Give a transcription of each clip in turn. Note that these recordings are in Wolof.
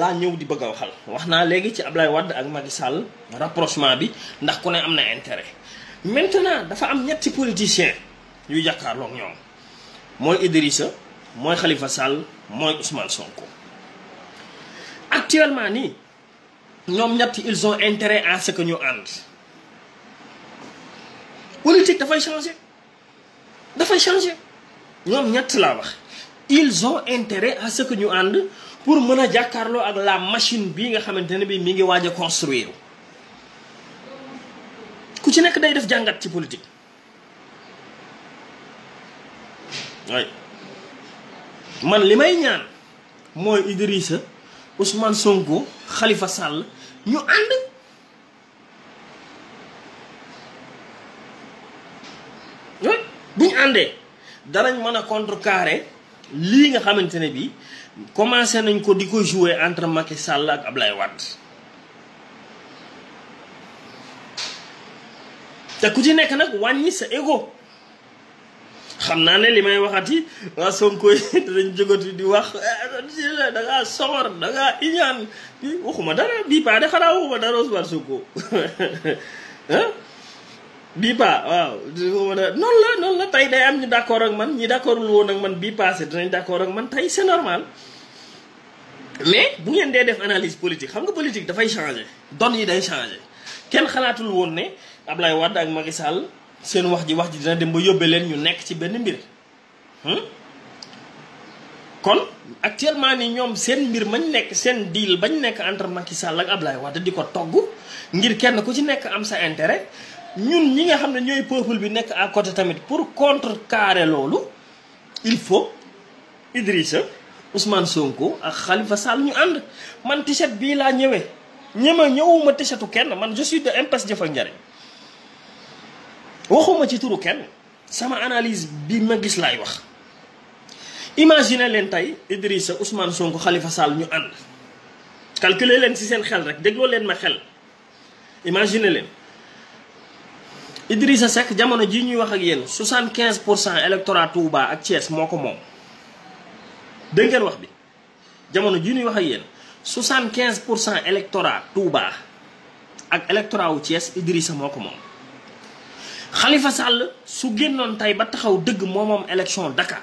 laa ñëw di bëgg a waxal wax naa léegi ci Ablaye Wade ak Macky Sall rapprochement bi ndax ku am na intéret maintenant dafa am ñetti politiciens yuy jàkkaarlook ñoom mooy Idrissa mooy xalifa Sall mooy Ousmane Sonko. actuellement nii ñoom ñetti ils ont intérêt à ce que ñu ànd politique dafay changer dafay changé ñoom ñett laa wax ils ont intérêt à ce ñu ànd. pour mën a jàkkaarloo ak la machine bii nga xamante ne bii mi ngi waaj a construire ku ci nekk day def jàngat ci politique waay man li may ñaan mooy Idrissa Ousmane Sonko xalifa sàll ñu ànd waay bu àndee danañ mën a contrecarrer lii nga xamante ne bi commencé nañ ko di ko jouer entre Macky Sall ak Ablaye Wade te ku ci nekk nag wàññi sa ego xam naa ne li may waxati waa Sonko yi dañ jógati di wax eh, da ngaa soxor da ngaa iñaan waxuma dara bii paa de xanaa waxuma dara Ousmane Sonko ah bii paa waaw noonu la noonu la tey day am ñu d'accord ak man ñi d'accordul woon ak man bi passé dinañ d'accord ak man tey c'est normal mais bu ngeen dee def analyse politique xam nga politique dafay changer don yi day changer kenn xalaatul woon ne Ablaye Wade ak Macky Sall seen wax ji wax ji dina dem ba yóbbee leen ñu nekk ci benn mbir hmm? kon actuellement ni ñoom seen mbir mañ nekk seen deal bañ nekk entre Macky Sall ak Ablaye Wade di ko togg ngir kenn ku ci nekk am sa intérêt ñun ñi nga xam ne ñooy peuple bi nekk à côté tamit pour contrecarrer loolu il faut Idrissa Ousmane Sonko ak Khalifa Sall ñu ànd man t-shirt laa ñëwee ñeme ñëwuma t-shirtu kenn man je suis de impasse jëf ak waxuma ci turu kenn sama analyse bi ma gis laay wax imagine leen tey Idrissa Ousmane Sonko xalifa Sall ñu ànd calculer leen ci seen xel rek dégloo leen ma xel imagine leen Idrissa Seck jamono ji ñuy wax ak yéen 75 pour cent électorat Touba ak Thiès moo ko moom dégg ngeen wax bi jamono ji ñuy wax ak yéen 75 pour cent électorat Touba ak électorat wu Thiès Idrissa moo ko moom. Khalifa Sall su génnoon tey ba taxaw dëgg moom moom élection Dakar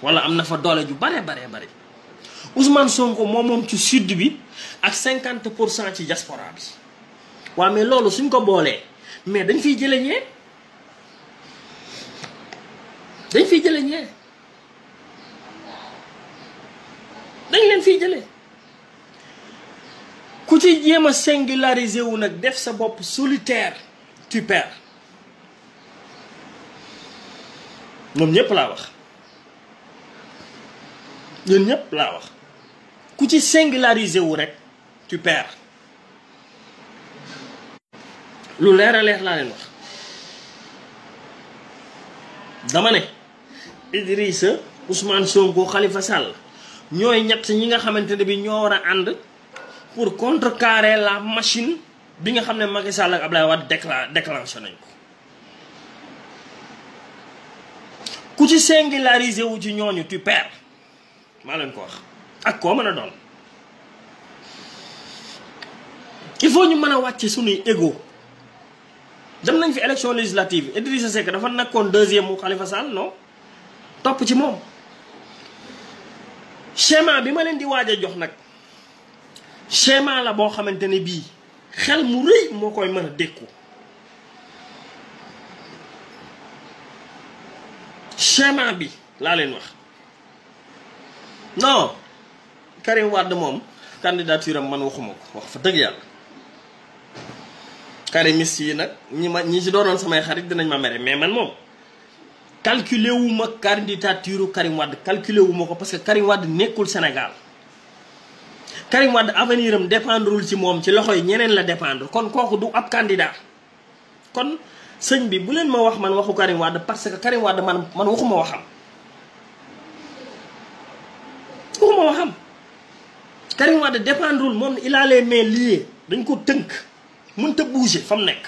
wala am na fa doole ju bare bare bare Ousmane Sonko moomoom ci sud bi ak 50 pour cent ci diaspora bi waaw mais loolu suñ ko boolee. mais dañ fiy jële ñee dañ fi jële ñee dañ leen fi jële ku ci jéem a singulariser wu nag def sa bopp solitaire tu perds ñoom ñëpp laa wax ñoom ñëpp laa wax ku ci singulariser wu rek tu perds lu leer leer laa leen wax dama ne Idrissa Ousmane Sonko xalifa sàll ñooy ñett ñi nga xamante ne bi ñoo war a ànd pour contre contrecarrer la machine bi nga xam ne Macky Sall ak Abdoulaye Wade décla déclenché nañ ko ku ci singularisé wu ci ñooñu tu perds maa leen ko wax ak koo mën a doon il faut ñu mën a wàcce suñuy égo dem nañ fi élection législative Idrissa Seck dafa nekkoon deuxième mu Khalifa Sall non topp ci moom schéma bi ma leen di waaj jox nag schéma la boo xamante ne bii xel mu rëy moo koy mën a dékku schéma bi laa leen wax non Karim Wade moom candidature am man waxuma ko wax fa dëgg yàlla karimis yi nag ñi ma ñi si doonoon samay xarit dinañ ma mere mais man moom calculé wu ma candidature Karim Wade calculé ko parce que Karim Wade nekkul Sénégal Karim Wade avenir ci moom ci loxo yi ñeneen la dépendre kon kooku du ab candidat kon sëñ bi bu leen ma wax man waxu Karim parce que Karim Wade man man waxuma waxam waxuma waxam moom il a les dañ ko tënk mënta bouger fa mu nekk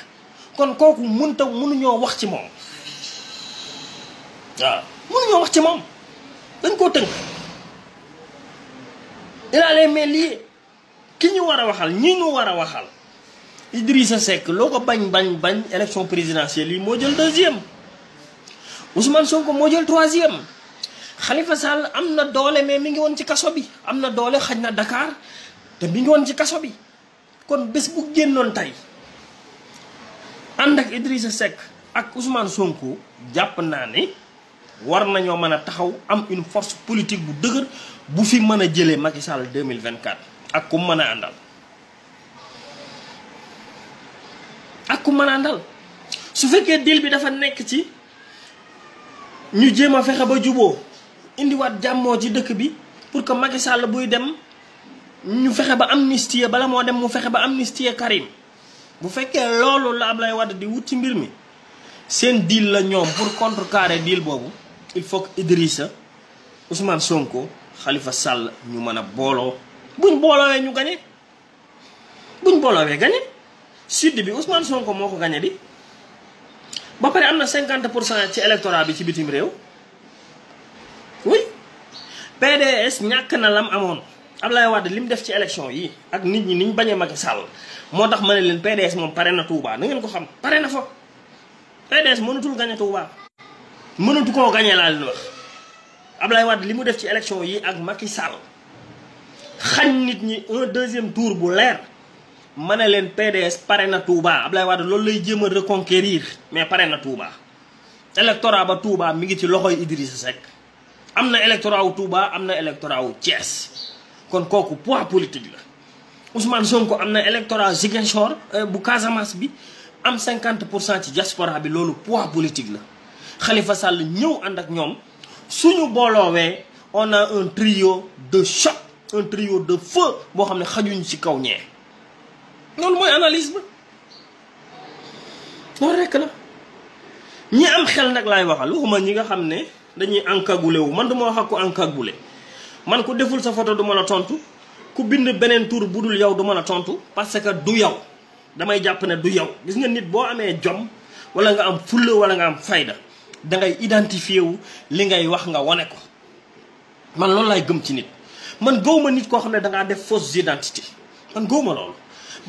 kon kooku mënta mënuñoo wax ci moom waaw mënuñoo wax ci moom dañ koo tënk il a les mains ki ñu war a waxal ñi ñu war a waxal Idrissa Seck loo ko bañ bañ bañ élection présidentielle yi moo jël deuxième Ousmane ko moo jël troisième Khalifa Sall am na doole mais mi ngi woon ci kaso bi am na doole xaj na dakaar te mi ngi woon ci kaso bi kon bés bu génnoon tey ànd ak Idrissa Seck ak Ousmane Sonko jàpp naa ne war nañoo mën a taxaw am une force politique bu dëgër bu fi mën a jëlee Macky Sall 2024 ak ku mën a àndal ak ku mën a àndal su fekkee deal bi dafa nekk ci ñu jéem a fexe ba juboo indiwaat jàmmoo ci dëkk bi pour que Macky buy dem ñu fexe ba amnistie bala moo dem mu fexe ba amnistie Karim bu fekkee loolu la Ablaye Wade di wut ci mbir mi seen deal la ñoom pour contre contrecarrer deal boobu il faut que Idrissa Ousmane Sonko xalifa Sall ñu mën a booloo buñ booloowee ñu gañe buñ booloowee gañe sud bi Ousmane Sonko moo ko gañe di ba pare am na 50 pour cent ci électorat bi ci bitim réew oui PDS ñàkk na lam amoon Ablaye Wade li mu def ci élection yi ak nit ñi ni ñu bañee Macky Sall moo tax ma ne leen PDS moom pare na Touba na ngeen ko xam pare na fo PDS mënatul gañe Touba mënatu koo gañe laa leen wax Ablaye Wade li mu def ci élection yi ak Macky Sall xañ nit ñi un deuxième tour bu leer ma ne leen PDS pare na Touba Ablaye Wade loolu lay jéem a reconquérir mais pare na Touba électorat ba Touba mi ngi ci loxoy Idrissa Seck am na électorat wu tuuba am na électorat wu Thiès kon kooku poids politique la Ousmane Sonko am na électorat Ziguinchor euh, bu Casamance bi am cinquante pour cent ci diaspora bi loolu poids politique la xalifa Sall ñëw ànd ak ñoom suñu booloowee on a un trio de choc un trio de feu boo xam ne xajuñu ci kaw ñee loolu mooy analyse ba loolu rekk la ñi am xel nag laay waxal waxuma ñi nga xam ne dañuy encagoulé wu man duma wax ak ku encagoulé man ku deful sa photo du ma la tontu ku bind beneen tur bu dul yow du ma la tontu parce que du yow damay jàpp ne du yow gis nga nit boo amee jom wala nga am fulla wala nga am fayda da ngay identifié wu li ngay wax nga wane ko man loolu laay gëm ci nit man gëwma nit koo xam ne dangaa def fausse identité man gëwma loolu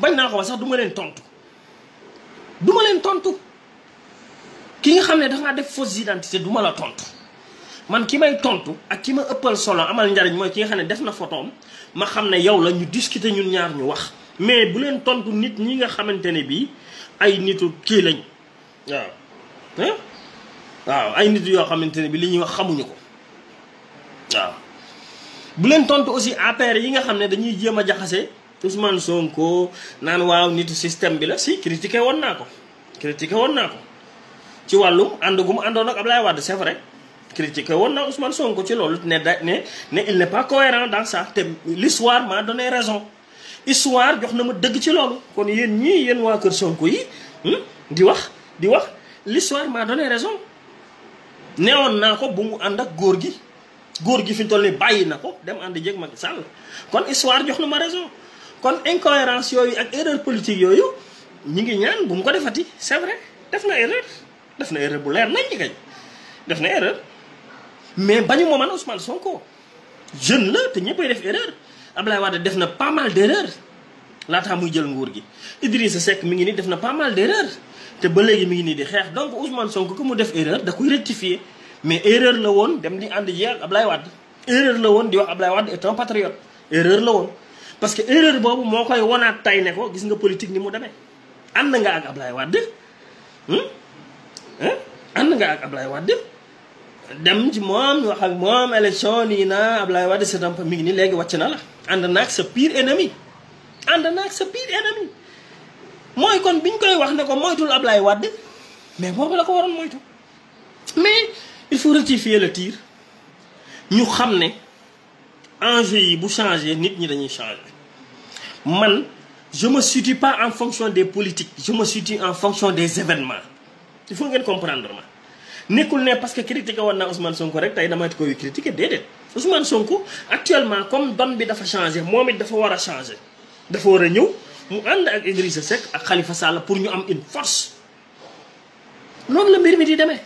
bañ naa ko sax du leen tontu du ma leen tontu ki nga xam ne dangaa def fausse identité du ma la tontu man ki may tontu ak ki ma ëppal solo amal njariñ mooy ki nga xam ne def na photoom ma xam ne yow la ñu discuter ñun ñaar ñu wax mais bu leen tontu nit ñi nga xamante ne bii ay nitu kii lañ waaw ay nit yoo xamante ne bi li ñuy wax xamuñu ko waaw bu leen tontu aussi APR yi nga xam ne dañuy jéem a jaxase Ousmane Sonko naan waaw nitu système bi la si critiqué woon naa ko critiqué woon naa ko ci wàllu ànd gu mu àndoon ak Ablaye Wade c'est rek critiqué woon na Ousmane Sonko ci loolu ne da ne ne il n'est pas cohérent dans ça te l'histoire m'a jox na ma dëgg ci loolu kon yéen ñii yéen waa kër Sonko hmm, di wax di wax l'histoire m'a donné raison naa ko bu mu ànd ak góor gi góor gi fi toll bàyyi na ko dem ànd jëg Macky Sall kon histoire jox na ma raison kon incohérence yooyu ak erreur politique yooyu ñu ngi ñaan bu mu ko defati c'est vrai def na erreur def na erreur bu leer nañ ñi kañ def na erreur mais bañu ma man Ousmane Sonko jeune la te ñëppay def erreur Ablaye Wade def na pas mal d' erreur laataa muy jël nguur gi Idrissa Seck mi ngi nii def na pas mal d' te ba léegi mi ngi nii di xeex donc Ousmane Sonko ko mu def erreur da koy rectifier mais erreur la woon dem di ànd ji ak Ablaye Wade erreur la woon di wax Ablaye Wade est un patriote erreur la woon parce que erreur boobu moo koy wonaat tay ne ko gis nga politique ni mu demee ànd nga ak Ablaye Wade hmm? ànd nga ak Ablaye Wade dem ci moom wax ak moom élection lii naa Ablaye Wade sa damp mi ngi nii léegi wàcc na la ànd naag sa pire ennemi ànd naag sa pire ennemi mooy kon biñ koy wax ne ko moytul Ablaye Wade mais boobu la ko waroon moytu mais il faut rectifier le tir ñu xam ne enjeu yi bu changé nit ñi dañuy changé man je me situe pas en fonction des politiques je me situe en fonction des événements il faut ngeen comprendre ma nekkul ne parce que critiqué woon naa Ousmane Sonko rek tey damay koy critiqué déedéet Ousmane Sonko actuellement comme bam bi dafa changé moom it dafa war a changé dafa war a ñëw mu ànd ak Idrissa Seck ak Khalifa Sall pour ñu am une force noonu la mbir mi di deme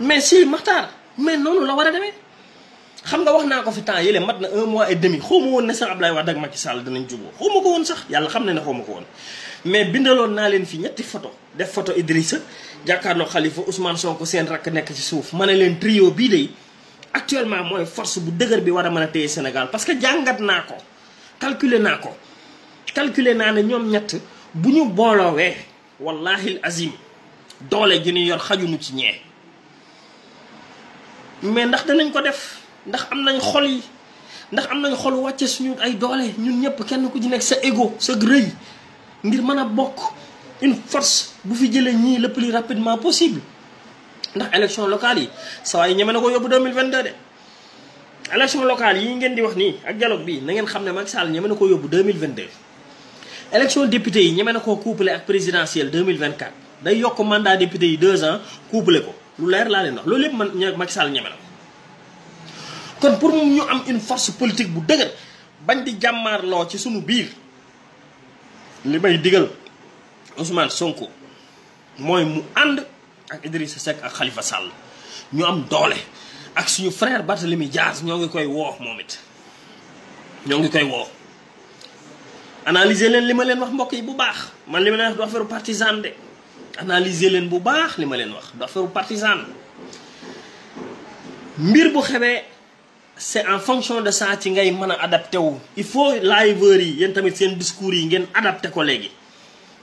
mais si Makhtar mais noonu la war a demee xam nga wax naa ko fi temps yële mat na un mois et demi xaw ma woon ne sax Ablaye Wade ak Macky Sall danañ juboo xaw ma ko woon sax yàlla xam na ne ma ko woon mais bindaloon naa leen fi ñetti photo def photo Idrissa jàkkaarloo Khalifa Ousmane Sonko seen rakk nekk ci suuf ma ne leen trio bii de actuellement mooy force bu dëgër bi war a mën a téye Sénégal parce que jàngat naa ko calculer naa ko calculer naa ne ñoom ñett bu ñu booloowee wallahi azim doole ji ñu yor xajunu ci ñee mais ndax danañ ko def ndax am nañ xol yi ndax am nañ xol wàcce suñu ay doole ñun ñëpp kenn ku ci nekk sa égo sa rëy ngir mën a bokk une force bu fi jëlee ñii le plus rapidement possible ndax élection local yi saa yi ñeme na ko yóbbu 2022 de. élection locale yi ngeen di wax nii ak dialogue bi na ngeen xam ne Macky Sall ñeme na ko yóbbu mil 2022. élection député yi ñeme na koo couplé ak présidentielle 2024 day yokk mandat député yi 2 ans couplé ko lu leer laa leen wax loolu lépp man Macky Sall ñeme na ko. kon pour mu ñu am une force politique bu dëgër bañ di jàmmaarloo ci sunu biir. li may digal Ousmane Sonko mooy mu ànd ak Idrissa Seck ak Khalifa Sall ñu am doole ak suñu frère Barthélemy Dias ñoo ngi koy woo moom it ñoo ngi koy woo analyser leen li ma leen wax mbokk yi bu baax man li ma leen wax du affaire partisan de analyser leen bu baax li ma leen wax du affaire partisan mbir bu xewee c'est en fonction de ça ci ngay mën a adapté wu il faut liveurs yi yéen tamit seen discours yi ngeen adapté ko léegi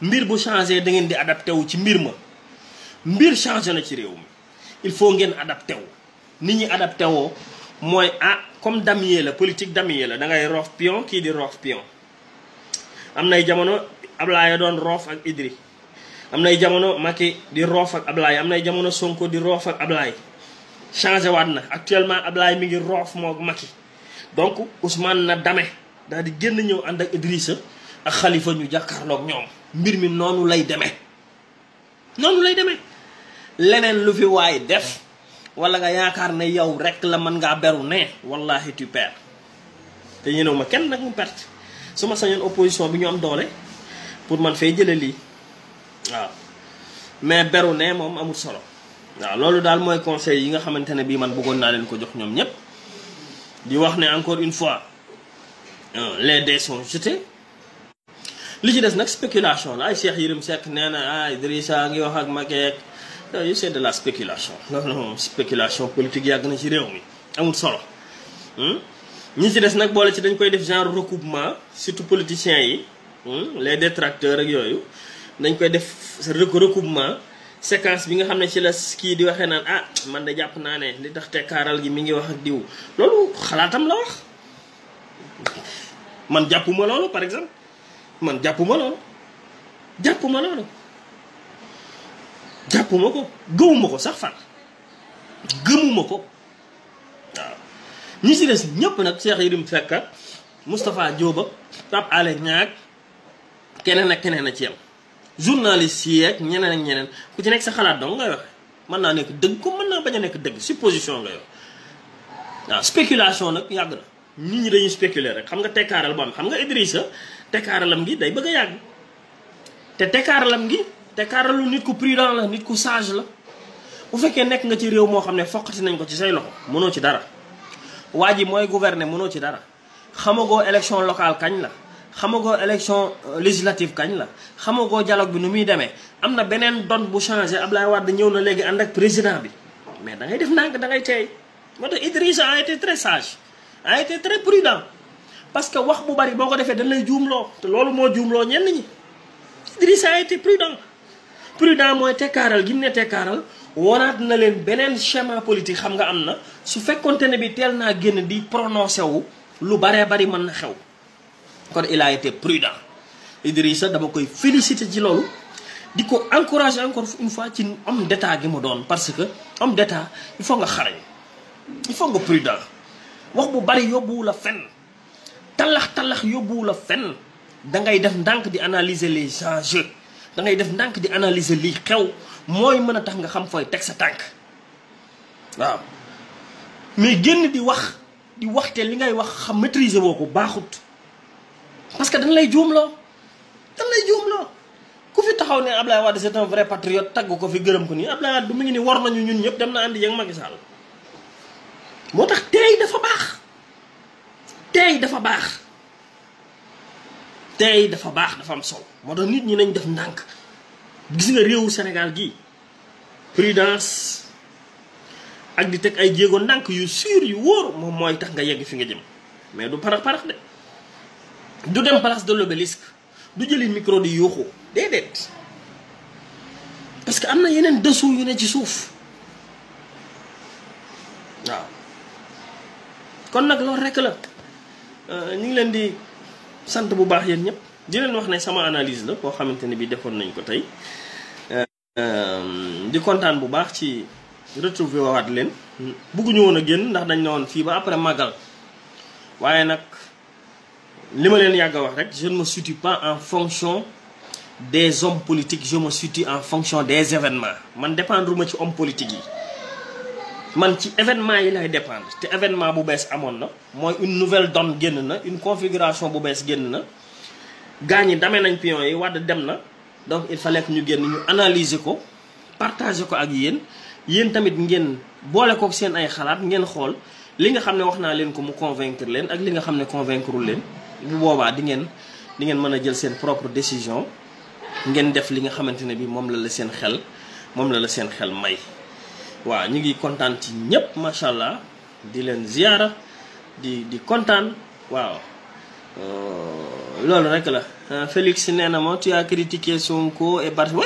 mbir bu changé da ngeen di adapté wu ci mbir ma mbir changé na ci réew mi il faut ngeen adapté wu nit ñi adapté woo mooy ah comme damier la politique damier la da ngay roof pion kii di roof pion am nay jamono Ablaye doon roof ak Idri am nay jamono Macky di roof ak Ablaye am nay jamono Sonko di roof ak Ablaye changé waat na actuellement Ablaye mi ngi roof moog Macky donc Ousmane na dame daal di génn ñëw ànd ak Idrissa ak xalifa ñu jàkkaarloog ñoom mbir mi noonu lay demee noonu lay deme leneen lu fi waay def wala nga yaakaar ne yow rek la mën ngaa beru ne wallahi tu perds te ñënew ma kenn nag mu perte su ma sañoon opposition bi ñu am doole pour man fay jële lii waaw mais beru ne moom amul solo waaw loolu daal mooy conseil yi nga xamante ne bii man bëggoon naa leen ko jox ñoom ñëpp di wax ne encore une fois euh, les dés sont jetés li ci des nag spéculation la ay Cheikh Yérim Seck nee na ah Idrissa ngi wax ak Macky yooyu c'est de la spéculation loolu moom spéculation politique yàgg na ci réew mi amul solo hmm? ñi ci des nag boole ci dañ koy def genre recoupement surtout politiciens yi hmm? les détracteurs ak yooyu dañ koy def recoupement séquence bi nga xam ne ci la kii di waxee naan ah man de jàpp naa ne li tax tekkaaral gi mi ngi wax ak diw loolu xalaatam la wax man jàppuma loolu par exemple man jàppuma loolu jàppuma loolu jàppuma ko gëwuma ko sax fan gëmuma ko waaw ñi si des ñëpp nag Cheikh Yérim Seck Moustapha Diop ak Pape Alé Niang keneen ak keneen a ci yam journaliste yi ak ñeneen ak ñeneen ku ci nekk sa xalaat dong ngay wax mën naa nekk dëgg ko mën naa bañ a nekk dëgg supposition ngay wax waaw spéculation nag yàgg na nit ñi dañuy spéculer rek xam nga tekkaaral bu am xam nga Idrissa tekkaaralam gi day bëgg a yàgg te tekkaaralam gi tekkaaralu nit ku prudent la nit ku sage la bu fekkee nekk nga ci réew moo xam ne foqati nañ ko ci say loxo mënoo ci dara waa ji mooy gouverner mënoo ci dara xamagoo élection locale kañ la xamago élection euh, législative kañ la xamagoo dialogue bi nu muy demee am na beneen don bu changé Ablaye Wade ñëw na léegi ànd ak président bi mais dangay ngay def ndànk da ngay teey moo tax Idrissa a été très sage a été très parce que wax bu bari boo ko defee dañ lay juumloo te loolu moo juumloo ñenn ñi Idrissa a été prudent prudent mooy tekkaaral gi mu ne tekkaaral waraat na leen beneen schéma politique xam nga am na su fekkonte ne bi teel naa génn di prononcé wu lu baree bari mën na xew kon il a été prudent Idrissa dama koy féliciter ci loolu di ko encourager encore une fois ci homme d'état gi mu doon parce que homme d'état il faut nga xarañ il faut nga prudent wax bu bari yóbbuwu la fenn tallax tallax yóbbuwu la fenn da ngay def ndànk di analyser les enjeux da ngay def ndànk di analyser lii xew mooy mën a tax nga xam fooy teg sa tànk waaw mais génn di wax di waxte li ngay wax xam maîtriser woo ko baaxut parce que dañ lay juumloo dañ lay juumloo ku fi taxaw ne Ablaye Wade c'est un vrai patriote tagg ko fi gërëm ko nii Ablaye Wade du mu ngi ni war nañu ñun ñëpp dem na àndi yéeg Macky tax dafa baax teey dafa baax teey dafa baax dafa am solo moo tax nit ñi nañ def ndànk gis nga réewu Sénégal gii prudence ak teg ay jéego ndànk yu sûr yu wóor moom mooy nga yegg fi nga jëm mais du parax parax de du dem place de l'obélisque du jëli micro di yuuxu déedéet parce que am na yeneen dessous yu ne ci suuf waaw kon nag loolu rekk la euh, ñu ngi leen di sant bu baax yéen ñëpp di leen wax nañ sama analyse la koo xamante ne bi defoon nañ ko tey euh, euh, di kontaan bu baax ci retrouvé waat leen bëgguñu woon a génn ndax dañ ne woon fii ba après màggal waaye nag li ma leen yàgg a wax rek jeune ne me pas en fonction des hommes politiques je me situe en fonction des événements man dépendre ma ci homme politique yi man ci événement yi lay dépendre te événement bu bees amoon na mooy une nouvelle donne génn na une configuration bu bees génn na gaañ yi damee nañ pion yi Wade dem na donc il fallait que ñu génn ñu analyser ko partager ko ak yéen yéen tamit ngeen boole ko seen ay xalaat ngeen xool li nga xam ne wax naa leen ko mu convaincre leen ak li nga xam ne convaincre leen bu boobaa di ngeen di ngeen mën a jël seen propre décision ngeen def li nga xamante ne bi moom la la seen xel moom la la seen xel may waaw ñu ngi kontaan ci ñëpp macha allah di leen ziyaara di di kontaan waaw euh, loolu rek la euh, Félix nee na ma tu as critiqué Sonko et Barth oui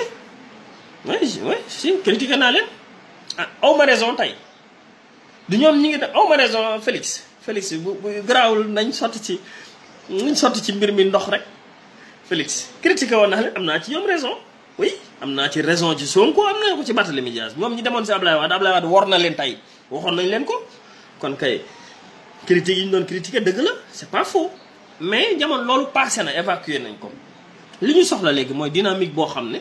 oui si critiqué naa leen ah aw ma du ñoom ñi ngi def aw ma raison Félix Félix bu bu garaawul nañ sotti si ñu sotti ci mbir mi ndox rek Félix critiqué woon na xam am naa ci yoon raison oui am naa ci raison ci Sonko am naa ko ci Barthélémy Dias moom ñi demoon si Ablaye Wade Ablaye Wade war na leen tey waxoon nañ leen ko kon kay critique yi ñu doon critiqué dëgg la c'est pas faux mais jamono loolu passé na évacué nañ ko li ñu soxla léegi mooy dynamique boo xam ne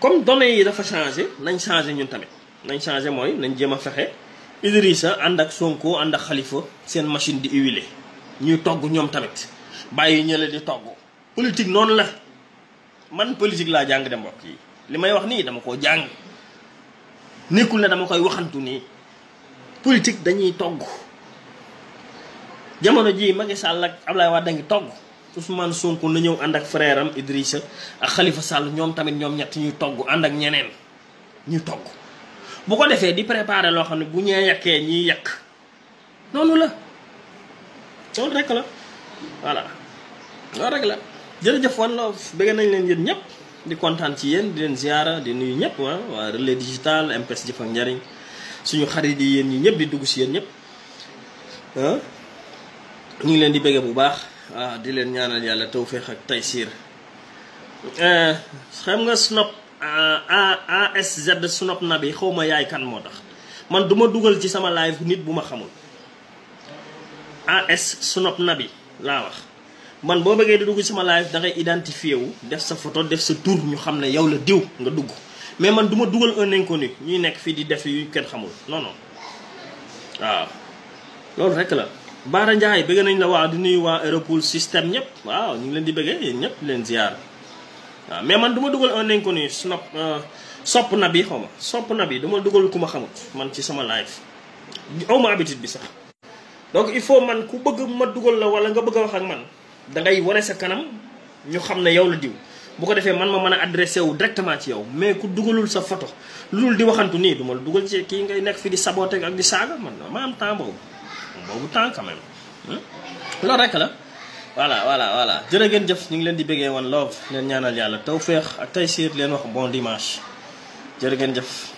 comme données yi dafa changé nañ changé ñun tamit nañ changé mooy nañ jéem a fexe Idrissa ànd ak Sonko ànd ak seen machine di huiler ñuy togg ñoom tamit bàyyi ñële di togg politique noonu la man politique laa jàng de mbokk yi li may wax nii dama koo jàng nekkul na dama koy waxantu nii politique dañuy togg jamono jii Macky sàll ak Abdoulaye wax dangi togg Ousmane Sonko na ñëw ànd ak frère am Idrissa ak Khalifa Sall ñoom tamit ñoom ñett ñuy togg ànd ak ñeneen ñuy togg bu ko defee di préparer loo xam ne bu ñee yàkkee ñiy yàq noonu la loolu rek la voilà loolu rek la jërëjëf One Love bëgg nañ leen yéen ñëpp di kontaan ci yéen di leen ziara di nuyu ñëpp ah waa relais digital MPS Jëf ak Njariñ suñu xarit yi yéen ñi ñëpp di dugg si yéen ñëpp ah ñu ngi leen di bëgge bu baax waaw ah, di leen ñaanal yàlla tawféex ak siir eh, xam nga snop ASZ ah, snop na bi xaw ma yaay kan moo tax man duma dugal ci sama live nit bu ma xamul a AS sunop nabi laa wax man boo bëggee di dugg sama live da ngay identifié wu def sa photo def sa tur ñu xam ne yow la diw nga dugg mais man du ma dugal un inconnu ñuy nekk fii di def yu kenn xamul non non loolu rek la Baara Ndiaye bëgg nañ la waaw di nuyu waa Europol système ñëpp waaw ñu ngi leen di bëggee yéen ñëpp leen ziar mais man du ma dugal un inconnu snop euh, sopp na bi xaw ma sopp na bi du dugal ku ma xamut man ci sama live aw ma bi sax donc il faut man ku bëgg ma dugal la wala nga bëgg a wax ak man dangay ware sa kanam ñu xam ne yow la diw bu ko defee man ma mën a adressé wu directement ci yow mais ku dugalul sa photo lu dul di waxantu nii du ma dugal ci kii ngay nekk fi di saboté ak di saaga man ma am temps boobu boobu temps quand même hmm? loolu rek la voilà voilà voilà jërë ngeen jëf ñu ngi leen di bëggee woon love leen ñaanal yàlla feex ak taysiir leen wax bon dimanche jër ngeen jëf